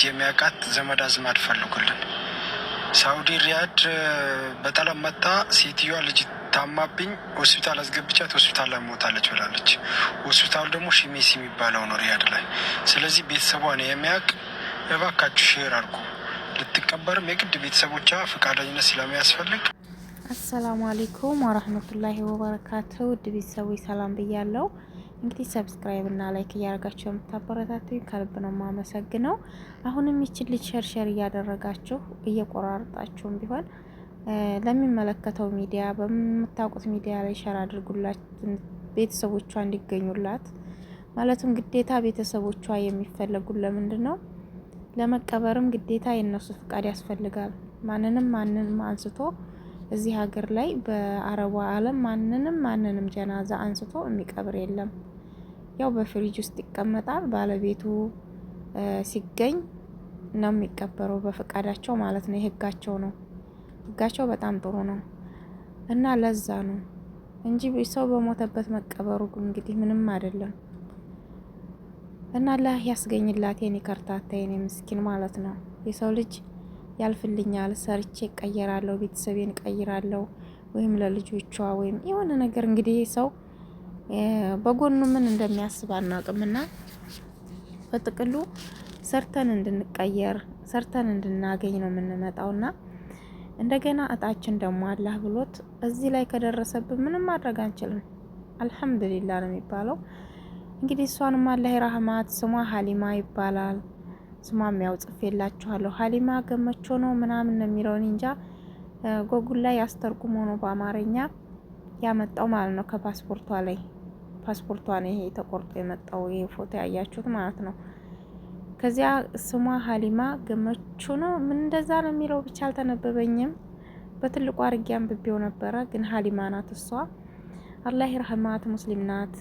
ልጅ የሚያውቃት ዘመድ አዝማድ ፈልጉልን። ሳውዲ ሪያድ በጠለም መጣ። ሴትዮዋ ልጅ ታማብኝ ሆስፒታል አስገብቻት ሆስፒታል ላይ ሞታለች ብላለች። ሆስፒታሉ ደግሞ ሽሜስ የሚባለው ነው ሪያድ ላይ። ስለዚህ ቤተሰቧ ነው የሚያውቅ። እባካችሁ ሼር አድርጉ። ልትቀበርም የግድ ቤተሰቦቿ ፈቃደኝነት ስለሚያስፈልግ። አሰላሙ አሌይኩም ወረህመቱላሂ ወበረካቱ። ውድ ቤተሰቦች ሰላም ብያለው። እንግዲህ ሰብስክራይብ እና ላይክ እያደረጋችሁ የምታበረታቱኝ ከልብ ነው የማመሰግነው። አሁንም ይችን ልጅ ሸርሸር እያደረጋችሁ እየቆራርጣችሁም ቢሆን ለሚመለከተው ሚዲያ በምታውቁት ሚዲያ ላይ ሸር አድርጉላት፣ ቤተሰቦቿ እንዲገኙላት። ማለትም ግዴታ ቤተሰቦቿ የሚፈለጉት ለምንድን ነው? ለመቀበርም ግዴታ የእነሱ ፍቃድ ያስፈልጋል። ማንንም ማንንም አንስቶ እዚህ ሀገር ላይ በአረቡ ዓለም ማንንም ማንንም ጀናዛ አንስቶ የሚቀብር የለም። ያው በፍሪጅ ውስጥ ይቀመጣል። ባለቤቱ ሲገኝ ነው የሚቀበረው፣ በፈቃዳቸው ማለት ነው። የህጋቸው ነው። ህጋቸው በጣም ጥሩ ነው እና ለዛ ነው እንጂ ሰው በሞተበት መቀበሩ እንግዲህ ምንም አይደለም። እና አላህ ያስገኝላት የኔ ከርታታ የኔ ምስኪን ማለት ነው የሰው ልጅ ያልፍልኛል፣ ሰርቼ እቀየራለሁ፣ ቤተሰቤን እቀይራለሁ፣ ወይም ለልጆቿ ወይም የሆነ ነገር እንግዲህ ሰው በጎኑ ምን እንደሚያስብ አናውቅምና በጥቅሉ ሰርተን እንድንቀየር ሰርተን እንድናገኝ ነው የምንመጣውና እንደገና እጣችን ደግሞ አላህ ብሎት እዚህ ላይ ከደረሰብን ምንም ማድረግ አንችልም። አልሐምዱሊላ ነው የሚባለው። እንግዲህ እሷንም አላህ ረህማት ስሟ ሀሊማ ይባላል። ስማም ያው ጽፌላችኋለሁ ሀሊማ ገመቾ ነው ምናምን ነው የሚለውን እንጃ ጎጉል ላይ ያስተርጉሞ ነው በአማርኛ ያመጣው ማለት ነው። ከፓስፖርቷ ላይ ፓስፖርቷ ነው ይሄ ተቆርጦ የመጣው ይሄ ፎቶ ያያችሁት ማለት ነው። ከዚያ ስሟ ሀሊማ ገመቹ ነው ምን እንደዛ ነው የሚለው ብቻ አልተነበበኝም። በትልቁ አርጌ አንብቤው ነበረ፣ ግን ሀሊማ ናት እሷ። አላህ ይርሐማት፣ ሙስሊም ናት።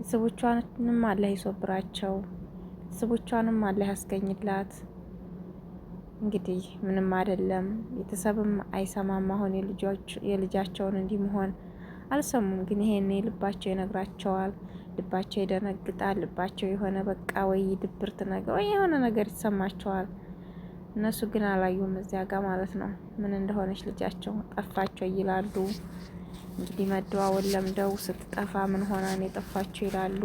ቤተሰቦቿንም አላህ ይሶብራቸው። ቤተሰቦቿንም አለ ያስገኝላት። እንግዲህ ምንም አይደለም፣ ቤተሰብም አይሰማም። አሁን የልጃቸውን እንዲህ መሆን አልሰሙም፣ ግን ይሄኔ ልባቸው ይነግራቸዋል። ልባቸው ይደነግጣል። ልባቸው የሆነ በቃ ወይ ድብርት ነገር ወይ የሆነ ነገር ይሰማቸዋል። እነሱ ግን አላዩም እዚያ ጋር ማለት ነው። ምን እንደሆነች ልጃቸው ጠፋቸው ይላሉ። እንግዲህ መደዋወል ለምደው ስትጠፋ ምን ሆናን የጠፋቸው ይላሉ።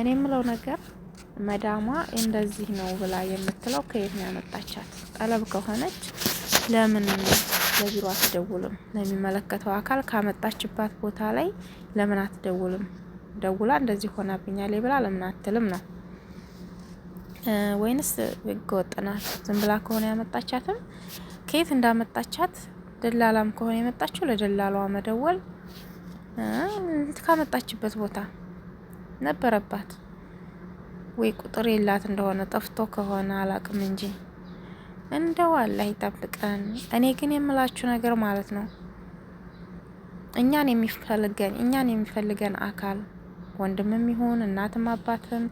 እኔ የምለው ነገር መዳሟ እንደዚህ ነው ብላ የምትለው ከየት ነው ያመጣቻት? ጠለብ ከሆነች ለምን ለቢሮ አትደውልም? ለሚመለከተው አካል ካመጣችባት ቦታ ላይ ለምን አትደውልም? ደውላ እንደዚህ ሆናብኛል ብላ ለምን አትልም ነው ወይንስ ህገወጥ ናት? ዝም ብላ ከሆነ ያመጣቻትም ከየት እንዳመጣቻት ደላላም ከሆነ የመጣችው ለደላሏ መደወል ካመጣችበት ቦታ ነበረባት። ወይ ቁጥር የላት እንደሆነ ጠፍቶ ከሆነ አላቅም እንጂ እንደው አላህ ይጠብቀን። እኔ ግን የምላችሁ ነገር ማለት ነው እኛን የሚፈልገን እኛን የሚፈልገን አካል ወንድምም ይሁን እናትም አባትም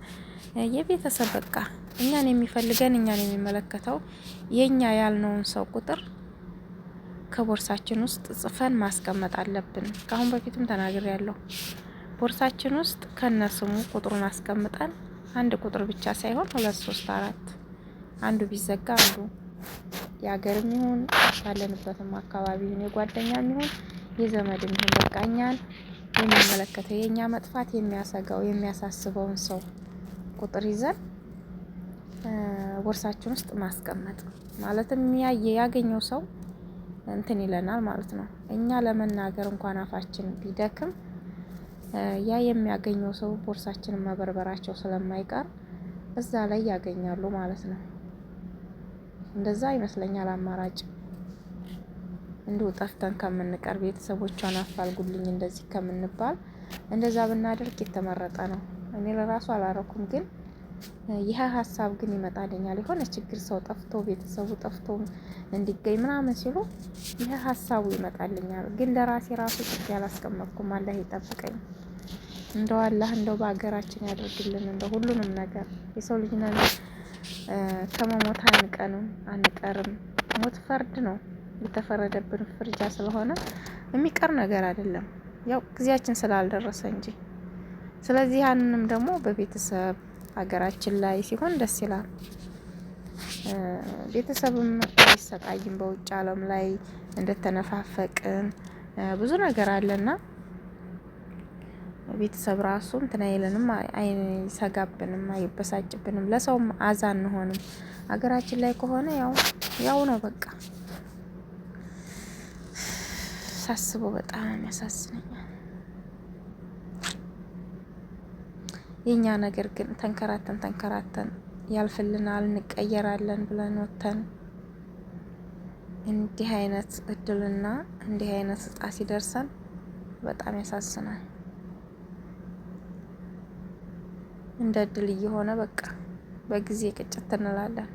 የቤተሰብ በቃ እኛን የሚፈልገን እኛን የሚመለከተው የእኛ ያልነውን ሰው ቁጥር ከቦርሳችን ውስጥ ጽፈን ማስቀመጥ አለብን። ከአሁን በፊትም ተናግሬ ያለሁ ቦርሳችን ውስጥ ከነስሙ ቁጥሩን አስቀምጠን አንድ ቁጥር ብቻ ሳይሆን ሁለት ሶስት አራት አንዱ ቢዘጋ አንዱ የሀገርም ይሁን ያለንበትም አካባቢ ይሁን የጓደኛም ይሁን የዘመድም ይሁን በቃ እኛን የሚመለከተው የእኛ መጥፋት የሚያሰጋው የሚያሳስበውን ሰው ቁጥር ይዘን ቦርሳችን ውስጥ ማስቀመጥ ማለትም ያገኘው ሰው እንትን ይለናል ማለት ነው። እኛ ለመናገር እንኳን አፋችን ቢደክም ያ የሚያገኘው ሰው ቦርሳችንን መበርበራቸው ስለማይቀር እዛ ላይ ያገኛሉ ማለት ነው። እንደዛ ይመስለኛል አማራጭ። እንዲሁ ጠፍተን ከምንቀር ቤተሰቦቿን አፋልጉልኝ እንደዚህ ከምንባል እንደዛ ብናደርግ የተመረጠ ነው። እኔ ለራሱ አላረኩም፣ ግን ይህ ሀሳብ ግን ይመጣልኛል። የሆነ ችግር ሰው ጠፍቶ ቤተሰቡ ጠፍቶ እንዲገኝ ምናምን ሲሉ ይህ ሀሳቡ ይመጣልኛል። ግን ለራሴ ራሱ ችግር አላስቀመጥኩም። አላህ ይጠብቀኝ። እንደው አላህ እንደው በሀገራችን ያደርግልን እንደው ሁሉንም ነገር የሰው ልጅ ነን ከመሞት አንቀንም አንቀርም። ሞት ፈርድ ነው የተፈረደብን ፍርጃ ስለሆነ የሚቀር ነገር አይደለም። ያው ጊዜያችን ስላልደረሰ እንጂ ስለዚህ ያንንም ደግሞ በቤተሰብ ሀገራችን ላይ ሲሆን ደስ ይላል። ቤተሰብም አይሰቃይም። በውጭ ዓለም ላይ እንደተነፋፈቅን ብዙ ነገር አለና ቤተሰብ ራሱ እንትን አይለንም፣ አይሰጋብንም፣ አይበሳጭብንም፣ ለሰውም አዛ አንሆንም። ሀገራችን ላይ ከሆነ ያው ያው ነው በቃ። ሳስቦ በጣም ያሳዝነኛል። የእኛ ነገር ግን ተንከራተን ተንከራተን ያልፍልናል፣ እንቀየራለን ብለን ወተን እንዲህ አይነት እድልና እንዲህ አይነት እጣ ሲደርሰን በጣም ያሳዝናል። እንደ እድል እየሆነ በቃ በጊዜ ቅጭት እንላለን።